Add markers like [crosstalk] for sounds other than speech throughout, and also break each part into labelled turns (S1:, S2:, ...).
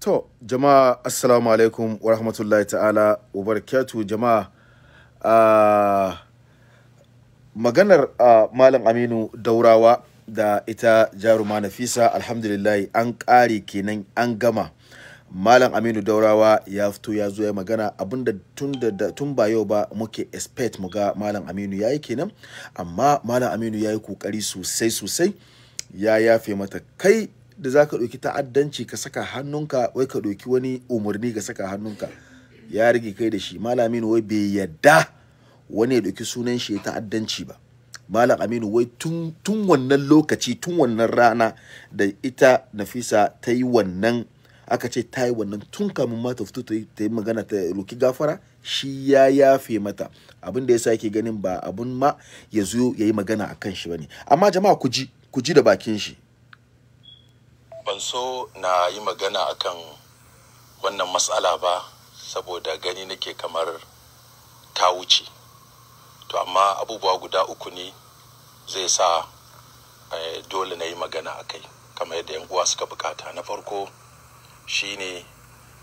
S1: To, jama'a assalamu alaikum wa rahmatullahi ta'ala wa barakatu jama'a ah, maganar ah, Malam Aminu Daurawa da ita jaruma Nafisa alhamdulillahi an ƙare kenan an gama. Malam Aminu Daurawa ya fito ya zo ya magana abinda tun ba yau ba muke expect mu ga Malam Aminu yi kenan amma Malam Aminu ya yi kokari sosai sosai ya yafe mata kai da za ka ɗauki ta'addanci ka saka hannunka wai ka ɗauki wani umarni ka saka hannunka ya rage kai da shi malam aminu wai bai yadda wani ya ɗauki sunan shi ya ta'addanci ba malam aminu wai tun wannan lokaci tun wannan rana da ita nafisa ta yi wannan aka ce ta yi wannan tun kamun ma ta fito ta yi magana ta roki gafara shi ya yafe mata abin da yasa yake ganin ba abun ma ya zo ya yi magana a kan shi ne amma jama'a ku ji ku ji da bakin shi
S2: ban so na yi magana akan wannan matsala ba saboda gani nake kamar ta wuce to amma abubuwa guda uku ne zai sa eh, dole na yi magana a kai kamar yadda yan uwa suka bukata na farko shine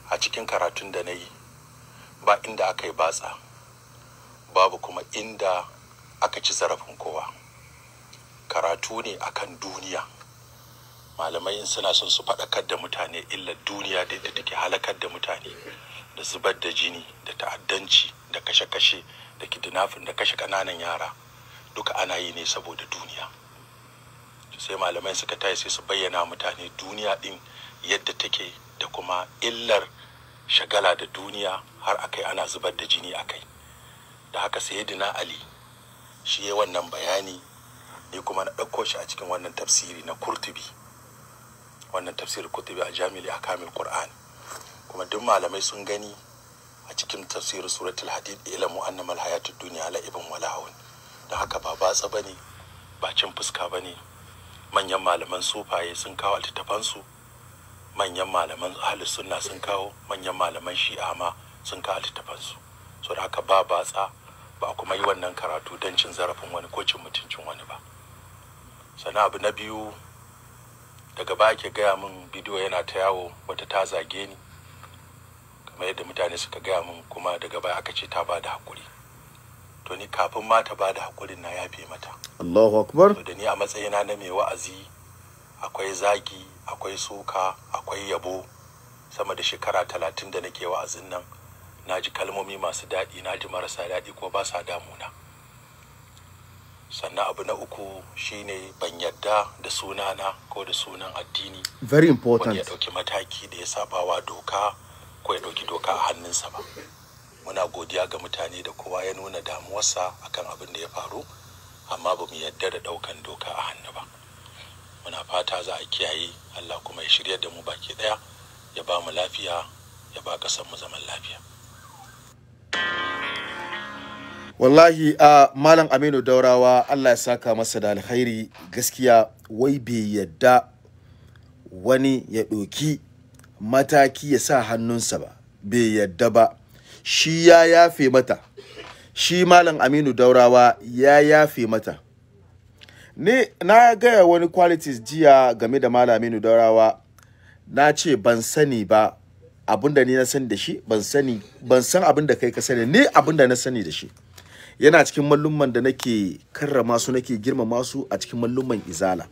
S2: a cikin karatun da na yi ba inda aka yi batsa babu kuma inda aka ci zarafin kowa karatu ne akan duniya malamai suna son su faɗakar da mutane illar duniya da yadda take halakar da mutane da zubar da jini da ta'addanci da kashe-kashe da kidnafin da kashe ƙananan yara duka ana yi ne saboda duniya sai malamai suka tayi sai su bayyana mutane duniya din yadda take da kuma illar shagala da duniya har akai ana zubar da jini akai da haka sayyidina ali shi ya wannan bayani ni kuma na ɗauko shi a cikin wannan tafsiri na kurtubi wannan tafsir kutubi a jami'li a kamil qur'an kuma duk malamai sun gani a cikin tafsirin suratul hadid ilmu annamal hayatud duniya la ibn walahun da haka ba batsa bane ba cin fuska ba ne manyan malaman sufaye sun kawo littafansu manyan malaman ahlus sunna sun kawo manyan malaman shi'a ma sun kawo littafansu so da haka ba batsa ba kuma yi wannan karatu don cin zarafin wani ko cin mutuncin wani ba sannan abu na biyu daga ba ke gaya min bidiyo yana ta yawo wata ta zage ni kamar yadda mutane suka gaya min kuma daga baya aka ce ta ba da hakuri to ni kafin ma ta ba da hakuri na yafe mata
S1: Allahu akbar
S2: da ni a matsayina na mai wa'azi akwai zagi akwai soka akwai yabo sama da shekara talatin da nake wa'azin nan na ji kalmomi masu daɗi na ji marasa daɗi ko ba sa damuna sannan abu na uku shine ban yadda da sunana ko da sunan addini
S1: very important wani ya
S2: dauki mataki da ya sabawa doka ko ya dauki doka a hannunsa ba muna godiya ga mutane da kowa ya nuna damuwarsa akan abin da ya faru amma ba mu yadda da daukan doka a hannu ba muna fata za a kiyaye allah kuma ya shirya da mu baki daya ya ba mu lafiya ya ba kasar mu zaman lafiya
S1: wallahi a uh, malam aminu daurawa allah ya saka masa da alkhairi gaskiya wai bai yadda wani ya ɗoki mataki ya sa hannunsa ba bai yadda ba shi ya yafe mata shi malam aminu daurawa ya yafe mata ni na gaya wani qualities jiya game da malam aminu daurawa na ce ban sani ba abinda ni na sani da shi ban sani ban san abinda kai ka sani ni abinda na sani da shi yana cikin mallumman da nake karrama su nake girmama su a cikin mallumman izala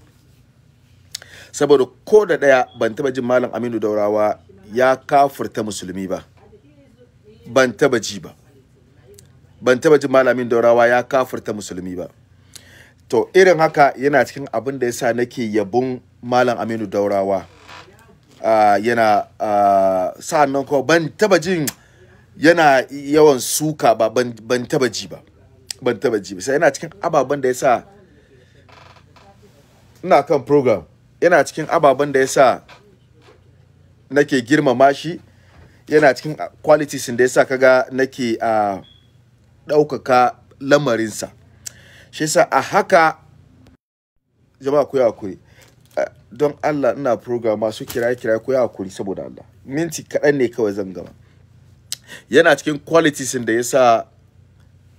S1: saboda ko da daya ban taba jin malam Aminu Daurawa ya kafurta musulmi ba ban taba ji ba ban taba jin malam Aminu Daurawa ya kafurta musulmi ba to irin haka yana cikin abin da yasa nake yabon malam Aminu Daurawa Uh, yana uh, sa'annan ko ban taba jin yana yawan suka ba ban taba ji ba ban taba ji bisa yana cikin ababen da yasa ina kan program yana cikin ababen da yasa nake girmama shi yana cikin qualities da yasa kaga nake a ɗaukaka lamarinsa shi yasa a haka jama'a ku yi hakuri don Allah ina program masu kira-kira ku yi hakuri saboda Allah minti kaɗan ne kawai zan gama yana cikin qualities da yasa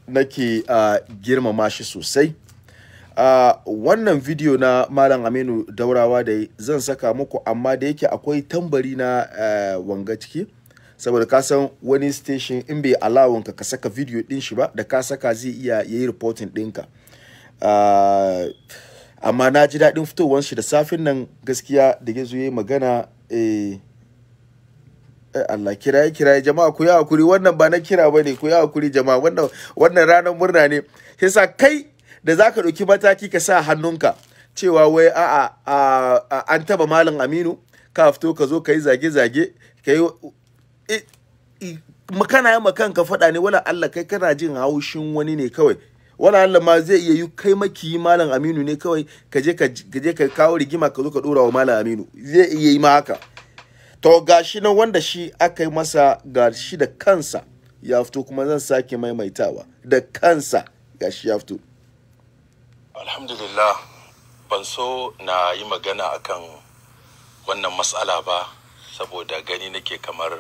S1: nake uh, girmama shi sosai a uh, wannan video na malam aminu daurawa da zan saka muku amma da yake akwai tambari na uh, wanga ciki saboda ka san wani station in bai alawun ka ka saka video din shi ba da ka saka zai iya yayi reporting ɗinka uh, ah, amma na ji daɗin fitowar shi da safin nan gaskiya da ya yi magana eh, Eh, Allah kiraye kiraye jama'a ku yi hakuri wannan ba na kira bane ku yi hakuri jama'a wannan wannan ranar murna ne sai kai da zaka dauki mataki ka sa hannunka cewa wai a'a an taba malam Aminu ka fito ka zo ka yi zage zage ka yi makana ya makan ka faɗa ne wala Allah kai kana jin haushin wani ne kawai wala Allah ma zai iya yi kai makiyi malam Aminu ne kawai ka je ka kawo rigima ka zo ka dora wa malam Aminu zai iya yi ma haka to ga shi nan wanda shi aka yi masa ga shi da kansa ya fito kuma zan sake maimaitawa da kansa ga shi ya fito
S2: alhamdulillah ban so na yi magana akan wannan matsala ba saboda gani nake kamar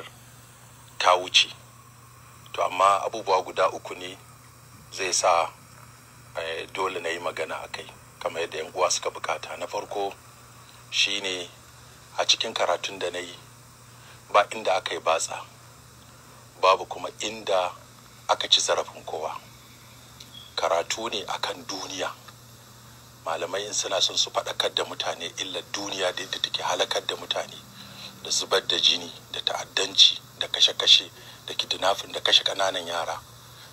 S2: ta wuce to amma abubuwa guda uku ne zai sa eh, dole na yi magana a kai kamar yadda yan uwa suka bukata na farko shi ne a cikin karatun da na yi ba inda aka yi batsa babu kuma inda aka ci zarafin kowa karatu ne akan duniya malamai suna son su faɗakar da mutane illar duniya da yadda take halakar da mutane da zubar da jini da ta'addanci da kashe-kashe da kidnafin da kashe kananan yara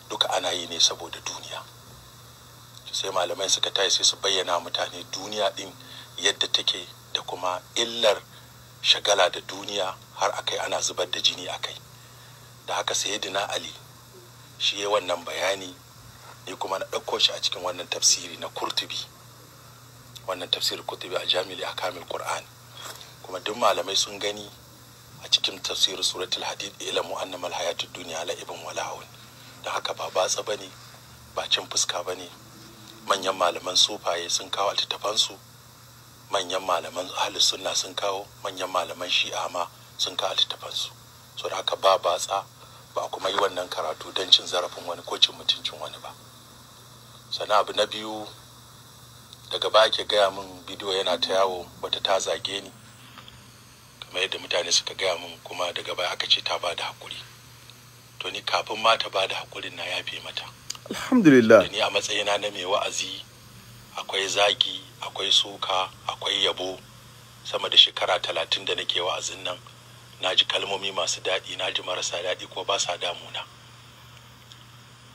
S2: duka ana yi ne saboda duniya sai malamai suka tayi sai su bayyana mutane duniya din yadda take da kuma illar shagala da duniya har akai ana zubar da jini akai da haka sayyidina ali shi ya wannan bayani ni kuma na ɗauko shi a cikin wannan tafsiri na kurtubi wannan tafsirin kurtubi a jami'li a kamil qur'an kuma duk malamai sun gani a cikin tafsirin suratul hadid ilmu annamal hayatud dunya la ibn walahun da haka ba batsa ne ba cin fuska ba ne manyan malaman sufaye sun kawo altafansu manyan malaman ahlus sunna sun kawo manyan malaman shi'a ma sun kawo littafansu so da haka ba batsa ba kuma yi wannan karatu don cin zarafin wani ko cin mutuncin wani ba sannan abu na biyu daga ba ke gaya min bidiyo yana ta yawo wata ta zage ni kamar yadda mutane suka gaya min kuma daga baya aka ce ta ba da hakuri to ni kafin ma ta ba da hakurin na yafe mata
S1: alhamdulillah
S2: ni a matsayina na mai wa'azi akwai zagi akwai suka akwai yabo sama da shekara talatin da nake wa'azin nan na ji kalmomi masu daɗi na ji marasa daɗi ko ba sa damuna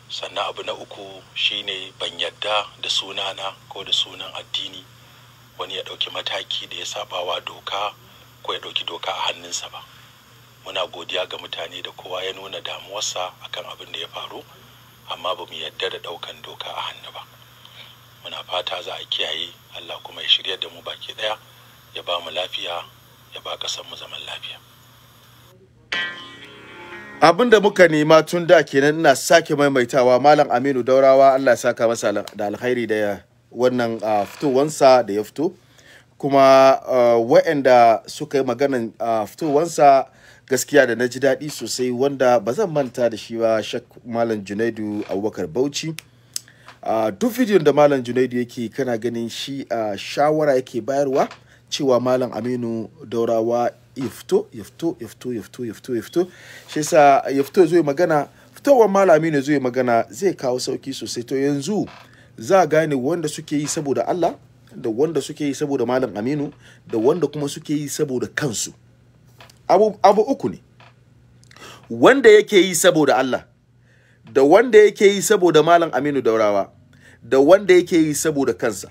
S2: sannan abu na uku shine ban yadda da sunana ko da sunan addini wani ya ɗauki mataki da ya sabawa doka ko ya ɗauki doka a hannunsa ba muna godiya ga mutane da kowa ya nuna damuwarsa akan abin da ya faru amma ba mu yadda da ɗaukan doka a hannu ba muna fata za a kiyaye allah kuma ya shirya da mu baki ɗaya ya ba mu lafiya ya ba ƙasar mu zaman lafiya
S1: abin da muka nema tun da kenan ina sake maimaitawa malam aminu daurawa allah ya saka masa da alkhairi da wannan fitowansa da ya fito kuma wa'anda suka yi maganan fitowansa gaskiya da na ji daɗi sosai wanda ba zan manta da shi ba shak malam junaidu abubakar bauchi duk vidiyon da malam junaidu yake kana ganin shi shawara yake bayarwa cewa malam aminu daurawa ya fito ya fito ya fito ya fito ya fito ya fito shi yasa ya fito zai magana fitowar malami ne zai magana zai kawo sauki sosai to yanzu za gane wanda suke yi saboda Allah da wanda suke yi saboda malam Aminu da wanda kuma suke yi saboda kansu abu, abu uku ne wanda yake yi saboda Allah da wanda yake yi saboda malam Aminu Daurawa da wanda yake yi saboda kansa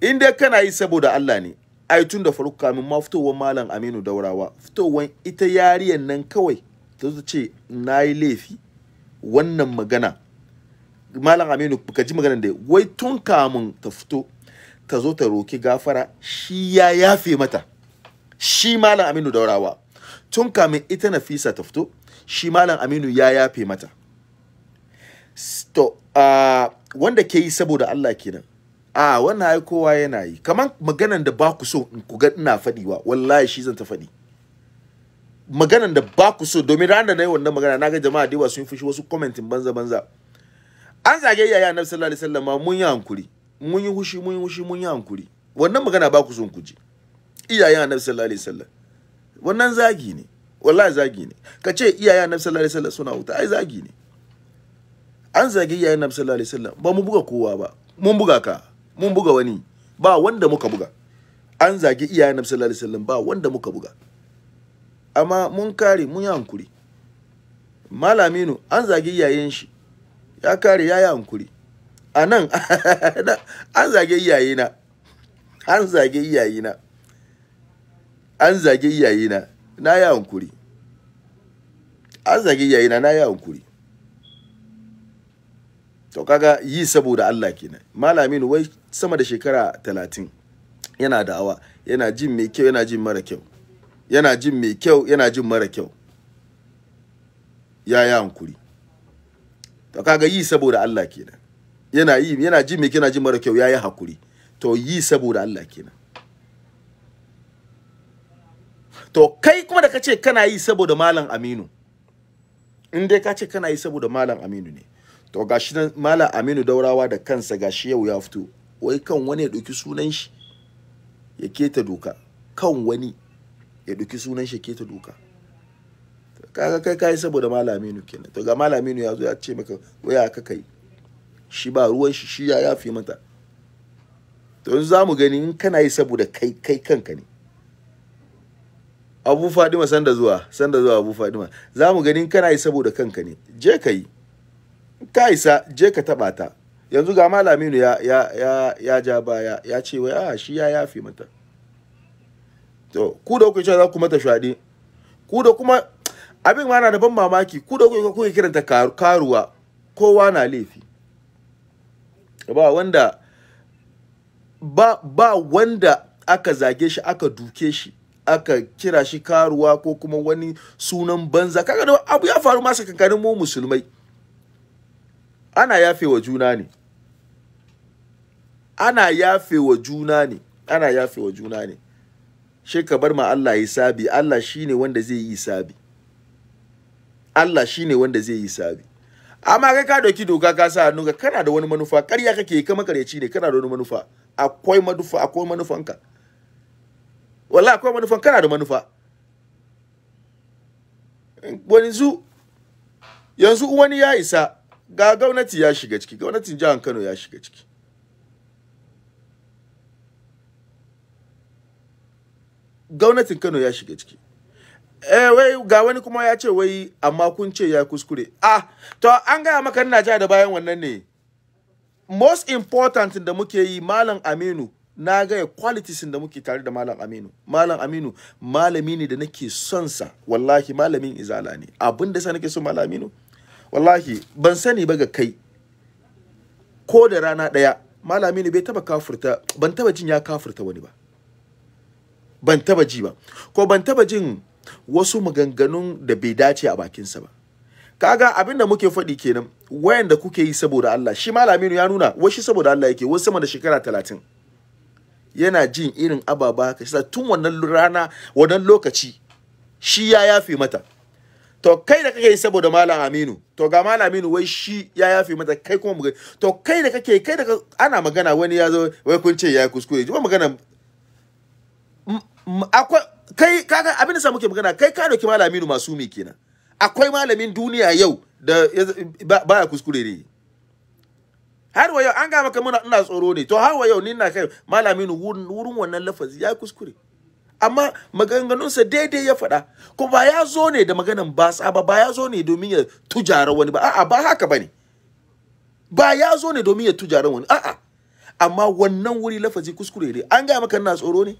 S1: in dai kana yi saboda Allah ne ai tun da farko kamin ma fitowar malam aminu daurawa fitowar ita yariyan nan kawai ta zo ce na yi laifi wannan magana malam aminu ka ji maganar da wai tun kamun ta fito ta zo ta roki gafara shi ya yafe mata shi malam aminu daurawa tun kamin ita nafisa ta fito shi malam aminu ya yafe mata to uh, wanda ke yi saboda allah kenan a wannan ai kowa yana yi kaman maganan da ba ku so in ku ga ina faɗi ba wallahi shi zan ta faɗi maganan da ba ku so domin ran da na yi wannan magana na ga jama'a da yawa sun fushi wasu commenting banza banza an zage yaya annabi sallallahu alaihi wasallam mun yi hankuri mun yi hushi mun yi hushi mun yi hankuri wannan magana ba ku so ku ji iyayen annabi sallallahu alaihi wasallam wannan zagi ne wallahi zagi ne ka ce iyayen annabi sallallahu alaihi wasallam suna wuta ai zagi ne an zage iyayen annabi sallallahu alaihi wasallam ba mu buga kowa ba mun buga ka mun buga wani ba wanda muka buga an zagi iyayen nabi sallallahu alaihi wasallam ba wanda muka buga amma mun kare mun yi hankuri malaminu an zagi iyayen shi ya kare ya yi hankuri a nan [laughs] an zage iyayena an zage iyayena an zage iyayena na yi hankuri an zage iyayena na yi hankuri to kaga yi saboda Allah kenan malamin wai sama da shekara talatin yana da'awa yana jin mai kyau yana jin mara kyau yana jin mai kyau yana jin mara kyau ya yi hankuri to kaga yi saboda Allah kenan yana yi yana jin mai kyau yana jin mara kyau ya yi hakuri to yi saboda Allah kenan to kai kuma da kace kana yi saboda malam Aminu in dai kace kana yi saboda malam Aminu ne to gashi nan malam Aminu Daurawa da kansa gashi yau ya fito wai kan wani ya ɗauki sunan shi ya keta doka kan wani ya ɗauki sunan shi ya keta doka kaga kai kai saboda malaminu kenan to ga malaminu ya zo ya ce maka waya ka kai shi ba ruwan shi shi ya yafi mata to yanzu za mu gani in kana yi saboda kai kai kanka ne abu fadima sanda zuwa sanda zuwa abu fadima za mu gani in kana yi saboda kanka ne je ka yi ka je ka taɓa ta yanzu ga malaminu ya ya ya ya ja baya ya ce wai a ah, shi ya yafi mata to ku da kuke za ku mata shade ku da kuma abin ma na da ban mamaki ku da kuke kiranta karuwa kowa na laifi ba wanda ba ba wanda aka zage shi aka duke shi aka kira shi karuwa ko kuma wani sunan banza kaga abu ya faru masa kankanin mu musulmai ana yafe wa juna ne ana yafe wa juna ne ana yafe wa juna ne shi ka bar ma Allah yi sabi Allah shine wanda zai yi sabi Allah shine wanda zai yi sabi amma kai ka doki doka ka sa hannu kana da wani manufa ƙarya kake ka makareci ne kana da wani manufa akwai manufa akwai manufanka wallahi akwai manufan kana da manufa yanzu yanzu wani ya isa ga gwamnati ya shiga ciki gwamnatin jihar Kano ya shiga ciki gwamnatin Kano ya shiga ciki eh wai ga wani kuma ya ce wai amma kun ce ya kuskure ah to an gaya maka ina ja da bayan wannan ne most important da muke yi malam Aminu na gaya qualities da muke tare da malam aminu malam aminu malami ne da nake son sa wallahi malamin izala ne abin da sa nake son malam aminu wallahi ban sani ba ga kai ko da rana daya malam aminu bai taba kafurta ban taba jin ya kafurta wani ba ban taba ji ba ko ban taba jin wasu maganganun da bai dace a bakinsa ba kaga abin da muke faɗi kenan wayanda kuke yi saboda Allah shi malaminu ya nuna shi saboda Allah yake wasu sama da shekara talatin yana jin irin ababa ka tun wannan rana wannan lokaci shi ya yafe mata to kai da kake yi saboda malam aminu to ga malam aminu wai shi ya yafe mata kai kuma mugai to kai da kake kai da ana magana wani ya zo wai kun ce ya kuskure ji magana akwai kai kaga abin da sa muke magana kai ka dauki masu mi kenan akwai malamin duniya yau da baya kuskure ne har wa yau an ga maka muna ina tsoro ne to har wa yau ni na kai malaminu wurin wannan lafazi ya kuskure amma maganganun sa daidai ya faɗa ko ba ya zo ne da maganan basa ba ba ya zo ne domin ya tujara wani ba a'a ba haka bane ba ya zo ne domin ya tujara wani a'a amma wannan wuri lafazi kuskure ne an ga maka ina tsoro ne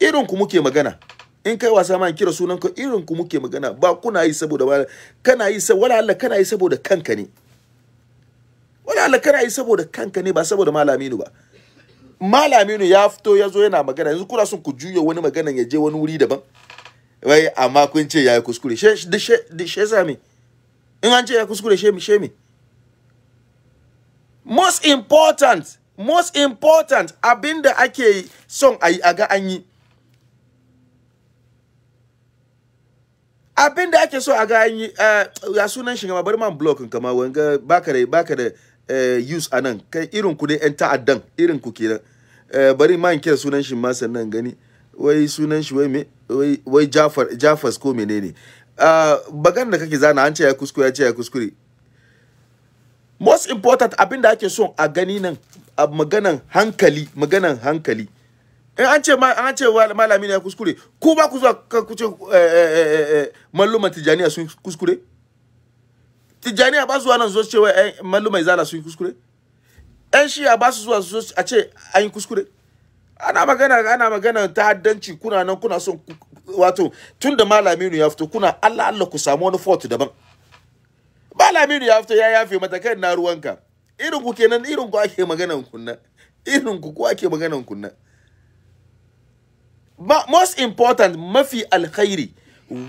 S1: irin ku muke magana in kai wasa ma kira sunan ka irin ku muke magana ba kuna yi saboda ba kana yi saboda wala Allah kana yi saboda kanka ne wala Allah kana yi saboda kanka ne ba saboda malaminu ba malaminu ya fito ya zo yana magana yanzu kuna son ku juya wani magana ya je wani wuri daban wai amma kun ce ya yi kuskure she she she sami in an ce ya kuskure she mi she mi most important most important abinda ake son a ga an yi abin da ake so a ga yi ya sunan shi bari man block kama wanga baka da baka da eh, use anan kai irin ku dai yan ta'addan irin ku kenan eh, bari man kira sunan shi ma sannan gani wai sunan shi wai me wai Jafar Jafas ko menene bagan da kake zana an ce ya kuskure ya ce ya kuskure most important abin da ake so a gani nan maganan hankali maganan hankali in eh, an ce an ce malami ne kuskure ko ba ku zuwa ku ce eh, eh, malluman tijaniya sun kuskure tijaniya ba su zuwa nan su ce wai mallumai la sun kuskure yan shiya ba su zuwa zo a ce an yi kuskure ana magana ana magana ta haddanci kuna nan kuna son wato tun da malami ya fito kuna Allah Allah ku samu wani fort daban malami ya fito ya yafe mata kai na ruwanka irin ku kenan irin ku ake maganan kunna irin ku ku ake maganan kunna most important mafi alkhairi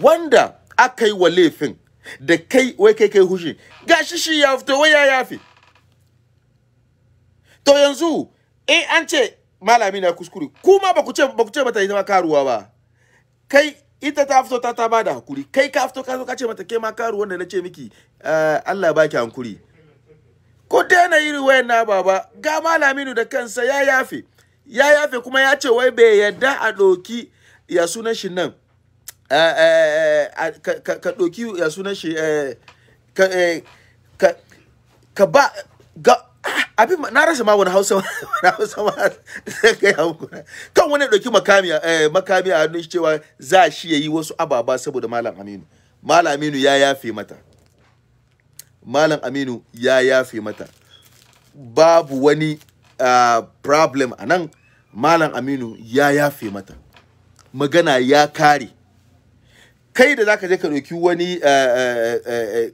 S1: wanda aka yi wa laifin da kai wai kai kai hushi ga shi shi ya fito wai ya yafi to yanzu in an ce malami na kuskure kuma ba ku ce ba ku ce mata ita karuwa ba kai ita ta fito ta ta bada hakuri kai ka fito ka zo ka ce mata ke ma karu wanda na ce miki eh, Allah ba baki hankuri ku daina irin wayan na baba ga malaminu da kansa ya yafi ya yafe kuma ya ce wai bai yadda a ɗoki ya sunan shi nan eh, eh, eh, ka ɗoki ya sunan shi ka ba ga abin na rasa ma wani hausa [laughs] wani hausa ma zai kai hankula kan wani ɗauki makami a hannun shi cewa za shi ya yi wasu ababa saboda malam aminu malam aminu ya yafe mata malam aminu ya yafe mata babu wani problem a nan malam aminu ya yafe mata magana ya kare kai da zaka je ka ɗauki wani eh, eh, eh,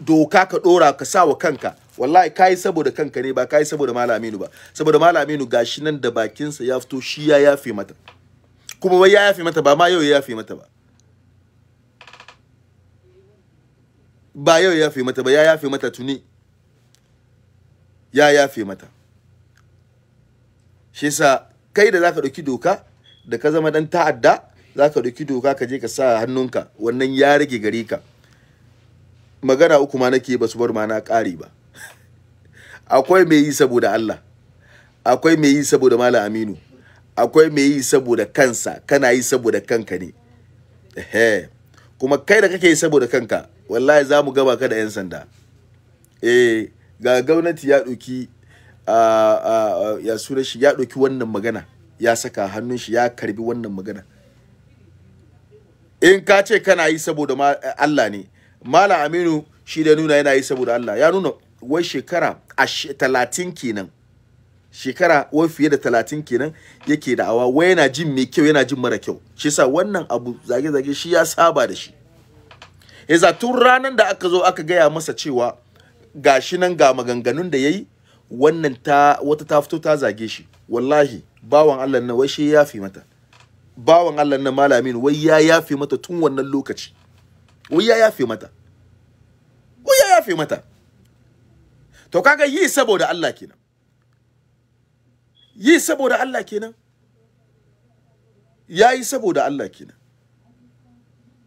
S1: doka ka ɗora ka sa wa kanka wallahi ka yi saboda kanka ne ba ka yi saboda malam aminu ba saboda malam aminu gashi nan da bakinsa ya fito shi ya yafe mata kuma wai ya yafe mata ba ma yau ya yafe mata ba ba yau ya yafe mata ba ya yafe mata tuni ya yafe mata shi yasa kai da zaka ɗauki doka da ka zama dan ta'adda zaka ɗauki doka ka je ka sa hannunka wannan ya rage gare ka magana uku ma nake ba su bar ma na ƙari ba akwai mai yi saboda Allah akwai mai yi saboda Malam Aminu akwai mai yi saboda kansa kana yi saboda kanka ne ehe kuma kai da kake yi saboda kanka wallahi za mu gaba ka da 'yan sanda eh ga gwamnati ya ɗauki ya sura shi ya ɗauki wannan magana ya saka hannun shi ya karbi wannan magana in ka ce kana yi saboda eh, Allah ne Malam Aminu shi da nuna yana yi saboda Allah ya nuna wai shekara talatin kenan shekara wai fiye da talatin kenan yake da awa wai yana jin mai kyau yana jin mara kyau shi sa wannan abu zage-zage shi ya saba da shi yasa tun ranar da aka zo aka gaya masa cewa gashi nan ga maganganun da yayi wannan ta wata ta fito ta zage shi wallahi bawan Allah nan wai shi ya fi mata bawan Allah nan malamin wai ya yafe mata tun wannan lokaci wai ya yafe mata wai ya yafe mata to kaga yi saboda Allah kenan yi saboda Allah kenan yayi saboda Allah kenan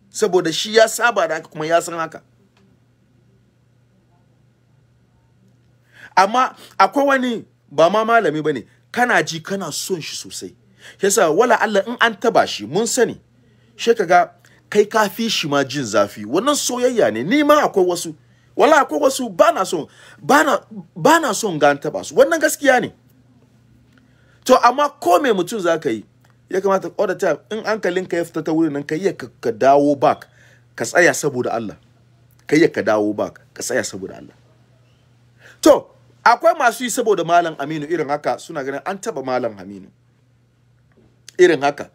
S1: saboda shi ya saba da haka kuma ya san haka amma akwai wani ba ma malami bane kana ji kana son shi sosai yasa wala Allah in an taba shi mun sani she kaga kai ka fi shi ma jin zafi wannan soyayya ne ni ma akwai wasu wala akwai wasu bana son bana bana son ga an taba su wannan gaskiya ne to amma ko me mutum zaka yi ya kamata all the time in hankalinka ya fita ta wurin nan ka ya ka dawo back ka tsaya saboda Allah ka ya ka dawo back ka tsaya saboda Allah to akwai masu yi saboda malam aminu irin haka suna ganin an taba malam aminu irin haka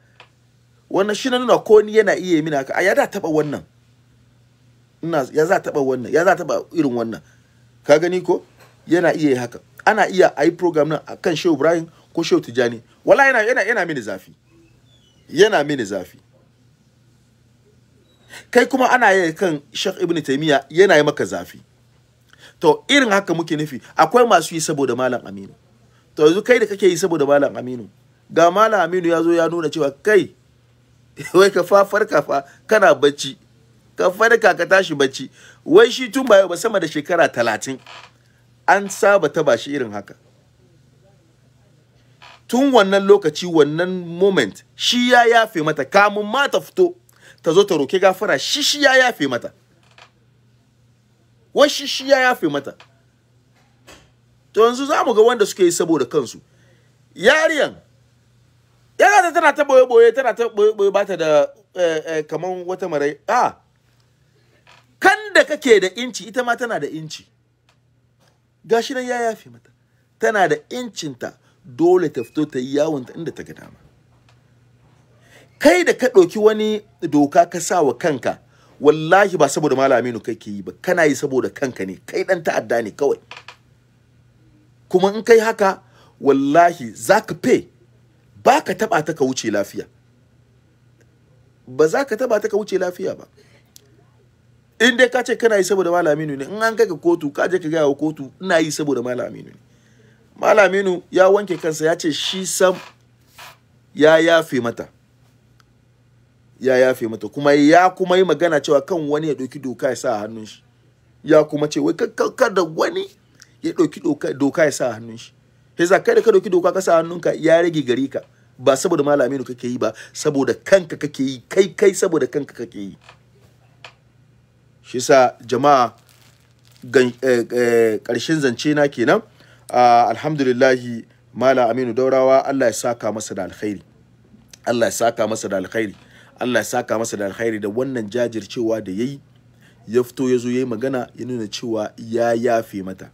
S1: wannan shi na nuna ko ni yana iya mini haka a ya da taba wannan ina ya za taba wannan ya za taba irin wannan ka gani ko yana iya yi haka ana iya a yi program nan a kan shehu ibrahim ko shehu tijani wala yana yana yana mini zafi yana mini zafi kai kuma ana yi kan shek ibn taimiya yana yi maka zafi to irin haka muke nufi akwai masu yi saboda malam aminu to yanzu kai da kake yi saboda malam aminu ga malam aminu ya zo ya nuna cewa kai [laughs] wai ka fa farka fa kana bacci ka farka ka tashi bacci wai shi tun ba ba sama da shekara talatin an saba ba shi irin haka tun wannan lokaci wannan moment shi ya yafe mata kamun ma ta fito ta zo ta roke gafara shi shi ya yafe mata wanshi shi ya yafe mata to yanzu za mu ga wanda suke yi saboda kansu yariyan yana tana ta boye-boye tana ta boye-boye ba ta da eh, eh, kaman wata marai a kan da kake da inci ita ma tana da inci gashi nan ya yafe mata tana da incinta dole ta fito ta yi yawonta inda ta ga dama kai da ka ɗauki wani doka ka sa wa kanka wallahi ba saboda malami nu kake yi ba kana yi saboda kanka ne kai dan ta'adda ne kawai kuma in kai haka wallahi za ka fe ba ka taba ta ka wuce lafiya ba za ka taba ta ka wuce lafiya ba in dai ka ce kana yi saboda malami ne in an kai ka kotu ka je ka gaya wa kotu ina yi saboda malami ne malaminu ya wanke kansa ya ce shi sam ya yafe mata ya yafe mata kuma ya kuma yi magana cewa kan wani ya ɗauki doka ya sa a hannun shi ya kuma ce wai da wani ya ɗauki doka ya sa a hannun shi sai kai da ka ɗauki doka ka sa hannunka ya rage gari ka ba saboda ne kake yi ba saboda kanka kake yi kai kai saboda kanka kake yi shi sa jama'a eh, eh, ƙarshen zance na kenan alhamdulillahi mala aminu daurawa allah ya saka masa da alkhairi allah ya saka masa da alkhairi Allah ya saka masa da alkhairi da wannan jajircewa da yayi ya fito ya zo yayi magana ya nuna cewa ya yafe mata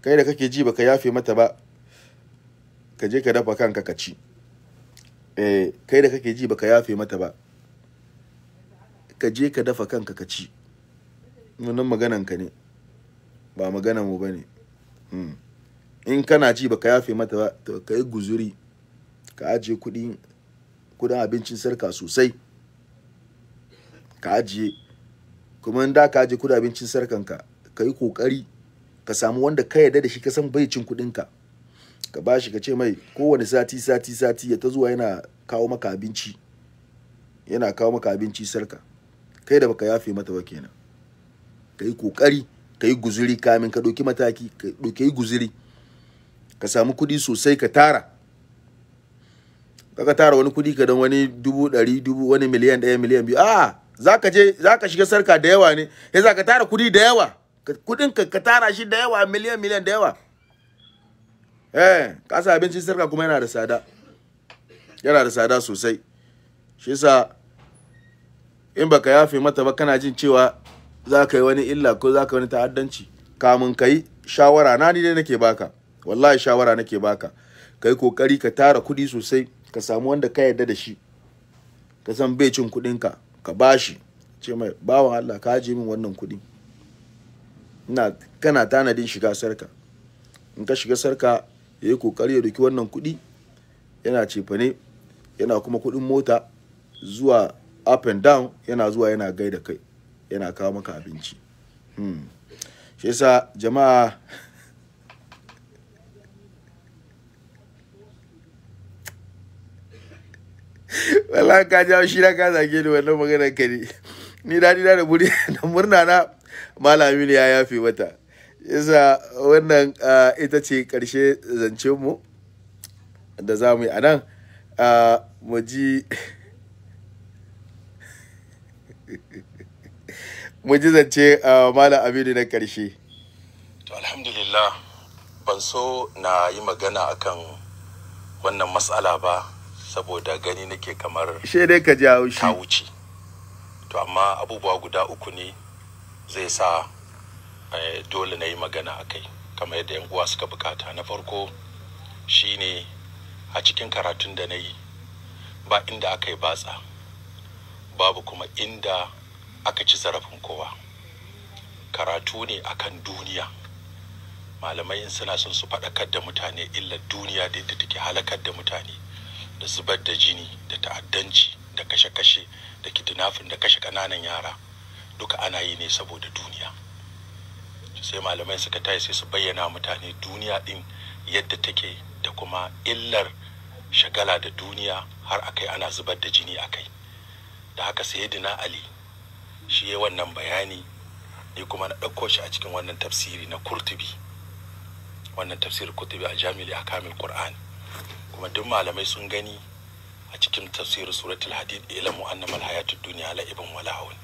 S1: kai da kake ji baka yafe mata ba ka je ka dafa kanka ka ci eh kai da kake ji baka yafe mata ba ka je ka dafa kanka ka ci wannan maganan ka ne ba maganan mu bane hmm. in kana ji baka yafe mata ba to kai guzuri ka aje kuɗi kudin abincin sarka sosai ka ajiye kuma in da ka ajiye kudin abincin sarkanka ka yi kokari ka samu wanda ka yarda da shi ka san bai cin kudinka ka ba shi ka ce mai kowane sati sati sati ya ta zuwa yana kawo maka abinci yana kawo maka abinci sarka kai da baka yafe mata ba kenan ka yi kokari ka yi guzuri kamin ka ɗauki mataki ka ɗauki guzuri ka samu kuɗi sosai ka tara kaka tara wani kudi ka dan wani dubu ɗari dubu wani miliyan ɗaya miliyan biyu a'a zaka je zaka shiga sarka da yawa ne ya zaka tara kudi da yawa kudin ka ka tara shi da yawa miliyan miliyan da yawa eh kasa abinci sarka kuma yana da tsada yana da tsada sosai shi yasa in baka yafe mata ba kana jin cewa za ka yi wani illa ko za ka wani ta'addanci kamun ka yi shawara na ni dai nake baka wallahi shawara nake baka kai kokari ka tara kudi sosai ka samu wanda ka yarda da shi ka san bai cin kuɗinka ka ka bashi ce mai bawan Allah ka je min wannan kuɗi ina kana tanadin shiga sarka in ka shiga sarka yayi kokari ya doki wannan kuɗi yana cefane yana kuma kuɗin mota zuwa up and down yana zuwa yana gaida kai yana kawo maka abinci hmm. shi yasa jama'a wallahi ka jawo shi na ka zage ni wannan maganar ka ne ni daɗi na da buri [laughs] da murna na malami ne ya yafe mata yasa wannan ita ce ƙarshe zancen mu da za mu yi a nan mu ji [laughs] mu ji zance malam aminu na ƙarshe
S2: to alhamdulillah ban so na yi magana akan wannan matsala ba saboda gani nake kamar
S1: dai ka haushi ta
S2: wuce to amma abubuwa guda uku ne zai sa eh, dole na yi magana a kai kamar yadda yan uwa suka bukata na farko shine a cikin karatun da na yi ba inda aka yi batsa babu kuma inda aka ci zarafin kowa karatu ne akan duniya malamai in suna son su faɗakar da mutane illa duniya da take halakar da mutane da zubar da jini da ta'addanci da kashe-kashe da kidnapping da kashe kananan yara duka ana yi ne saboda duniya sai malamai suka tayi sai su bayyana mutane duniya din yadda take da kuma illar shagala da duniya har akai ana zubar da jini akai da haka sayyidina ali shi ya wannan bayani ni kuma na ɗauko shi a cikin wannan tafsiri na kurtubi wannan tafsirin kurtubi a jami'ar akamil qur'ani kuma malamai sun gani a cikin tafsirin suratul hadid ilmu annamal hayatud dunya la ibn wala hawl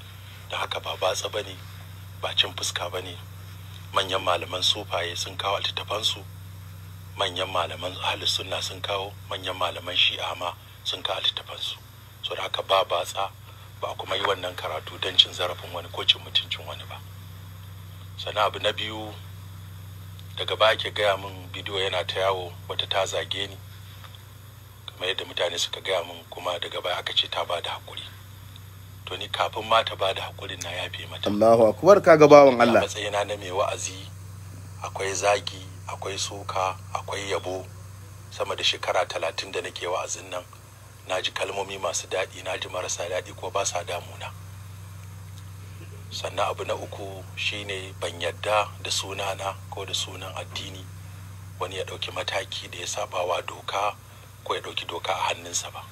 S2: da haka ba batsa bane ba cin fuska bane manyan malaman sufaye sun kawo altafan su manyan malaman ahlus sunna sun kawo manyan malaman shi'a ma sun kawo altafan su so da haka ba batsa ba kuma yi wannan karatu don cin zarafin wani ko cin mutuncin wani ba sannan abu na biyu daga baya ke gaya min bidiyo yana ta yawo wata ta zage ni kamar yadda mutane suka gaya min kuma daga baya aka ce ta ba da hakuri to ni kafin ma ta ba da haƙurin na yafe
S1: mata Allahu akbar kaga bawan Allah
S2: matsayina na mai wa'azi akwai zagi akwai suka akwai yabo sama da shekara talatin da nake wa'azin nan na ji kalmomi masu daɗi na ji marasa daɗi ko ba sa damuna sannan abu na uku shine ban yadda da sunana ko da sunan addini wani ya ɗauki mataki da ya sabawa doka ko ya ɗauki doka a hannunsa ba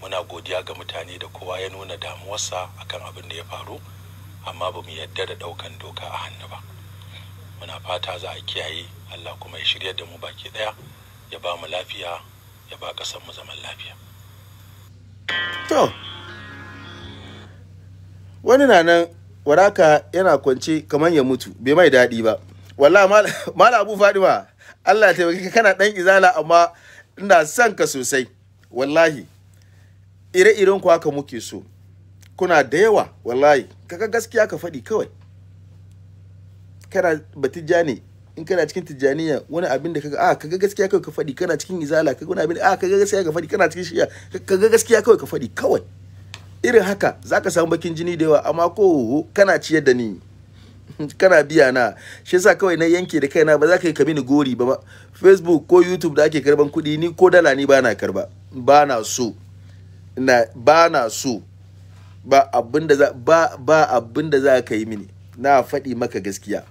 S2: muna godiya ga mutane da kowa ya nuna damuwarsa akan abin da ya faru amma ba mu yadda da ɗaukan doka a hannu ba muna fata za a kiyaye allah kuma ya shirya da mu baki ɗaya ya ba mu lafiya ya ba ƙasar mu zaman lafiya
S1: to wani na nan waraka yana kwance kamar ya mutu bai mai daɗi ba wallah mala [laughs] abu fadima allah ya taimake kana ɗan izala amma ina son ka sosai wallahi ire-iren ku haka muke so kuna da yawa wallahi kaga gaskiya ka faɗi kawai kana batijani in kana cikin tijjaniya wani abin da kaga a ah, kaga gaskiya kawai ka faɗi kana cikin izala kaga wani abin a ah, kaga gaskiya ka faɗi kana cikin shiya kaga gaskiya kawai ka faɗi kawai irin haka zaka samu bakin jini da yawa amma ko kana ciyar da ni [laughs] kana biya na shi yasa kawai na yanke da kaina ba za ka yi ka mini gori ba facebook ko youtube da ake karban kuɗi ni ko dala ni ba na karba ba na so na ba na so ba abin da za ba ba abin za ka yi mini na faɗi maka gaskiya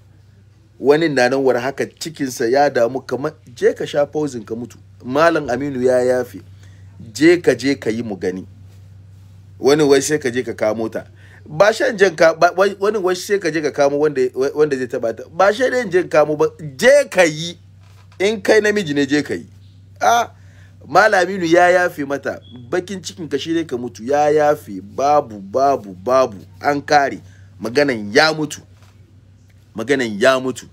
S1: wani na nan war haka cikinsa ya damu kamar je ka sha pausing ka mutu malam aminu ya yafe je ka je ka yi mu gani wani wai sai ka je ka ka mota ba shan jan ka wani wasu sai ka je ka kamo wanda zai taba ta ba shan jan kamo ba je ka yi in kai namiji ne je ka yi a malaminu ya yafe mata bakin cikin ka ne ka mutu ya yafe babu babu babu an kare maganan ya mutu maganan ya mutu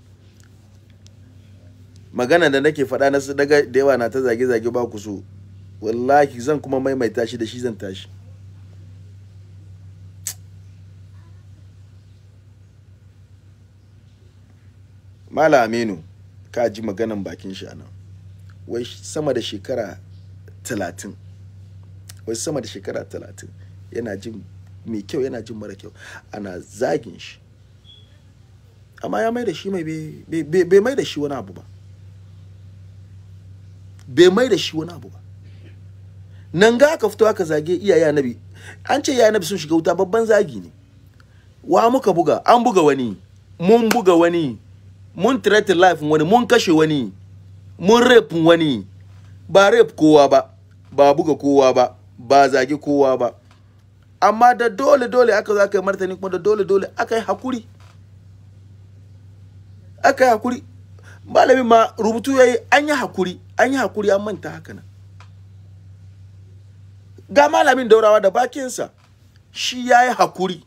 S1: magana da nake faɗa na su daga da yawa na ta zage-zage ba ku so wallahi zan kuma maimaita shi da shi zan tashi mala aminu ka ji maganan bakin shi anan wai sama da shekara talatin wai sama da shekara talatin yana jin mai kyau yana jin mara kyau ana zagin shi amma ya mai da shi mai bai mai da shi wani abu ba bai mai da shi wani abu ba nan ga aka fito aka zage iyaye annabi an ce iyaye annabi sun shiga wuta babban zagi ne wa muka buga an buga wani mun buga wani mun threaten life wani mun kashe wani mun rape wani ba rape kowa ba ba buga kowa ba ba zagi kowa ba amma da dole dole aka zo yi martani kuma da dole dole aka yi hakuri aka yi hakuri malami ma rubutu yayi an yi hakuri an yi hakuri an manta haka nan ga malamin daurawa da bakinsa shi ya yi hakuri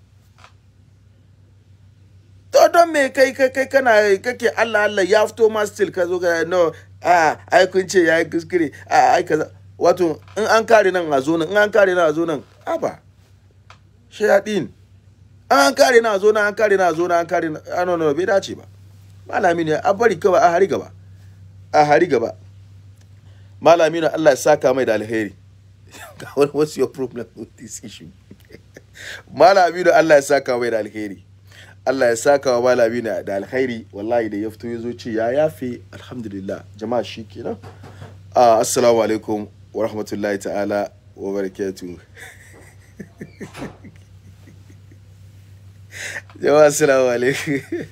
S1: to don me kai kai kai kana kake Allah Allah ya fito ma still ka zo ka no a ai kun ce yayi kuskure a ai kaza wato in an kare nan a zo nan in an kare nan a zo nan aba shayadin an kare nan a zo nan an kare nan a zo nan an kare nan ah, no no bai dace ba malami ne a bari kawai a hari gaba a hari gaba malami ne Allah ya saka mai da alheri [laughs] what's your problem with this issue [laughs] malami ne Allah ya saka mai da alheri Allah ya saka wa malami na da alkhairi wallahi da ya fito ya zo ce ya yafe alhamdulillah jama'a shi kenan ah, assalamu alaikum wa rahmatullahi ta'ala wa barakatuh [laughs] jama'a assalamu alaikum